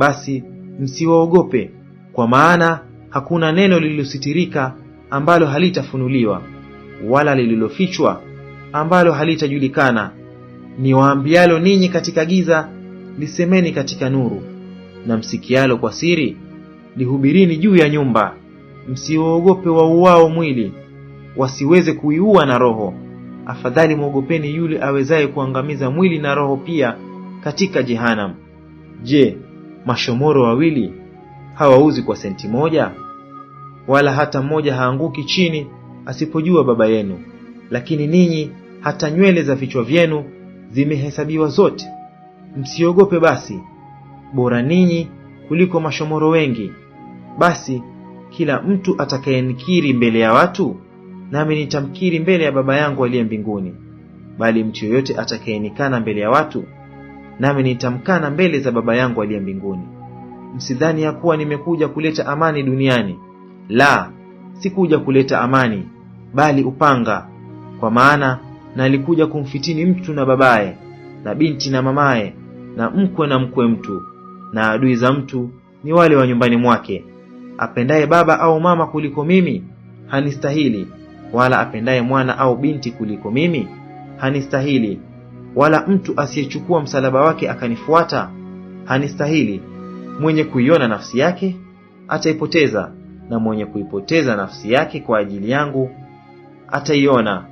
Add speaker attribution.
Speaker 1: basi msiwaogope, kwa maana hakuna neno lililositirika ambalo halitafunuliwa, wala lililofichwa ambalo halitajulikana. Ni waambialo ninyi katika giza, lisemeni katika nuru, na msikialo kwa siri, lihubirini juu ya nyumba. Msiwaogope wauao mwili, wasiweze kuiua na roho. Afadhali mwogopeni yule awezaye kuangamiza mwili na roho pia katika jehanam Je, mashomoro wawili hawauzi kwa senti moja? Wala hata mmoja haanguki chini asipojua Baba yenu. Lakini ninyi hata nywele za vichwa vyenu zimehesabiwa zote. Msiogope basi, bora ninyi kuliko mashomoro wengi. Basi kila mtu atakayenikiri mbele ya watu, nami nitamkiri mbele ya Baba yangu aliye mbinguni. Bali mtu yoyote atakayenikana mbele ya watu nami nitamkana mbele za Baba yangu aliye mbinguni. Msidhani ya kuwa nimekuja kuleta amani duniani; la, sikuja kuleta amani, bali upanga. Kwa maana nalikuja kumfitini mtu na babaye, na binti na mamaye, na mkwe na mkwe mtu. Na adui za mtu ni wale wa nyumbani mwake. Apendaye baba au mama kuliko mimi hanistahili, wala apendaye mwana au binti kuliko mimi hanistahili wala mtu asiyechukua msalaba wake akanifuata hanistahili. Mwenye kuiona nafsi yake ataipoteza, na mwenye kuipoteza nafsi yake kwa ajili yangu ataiona.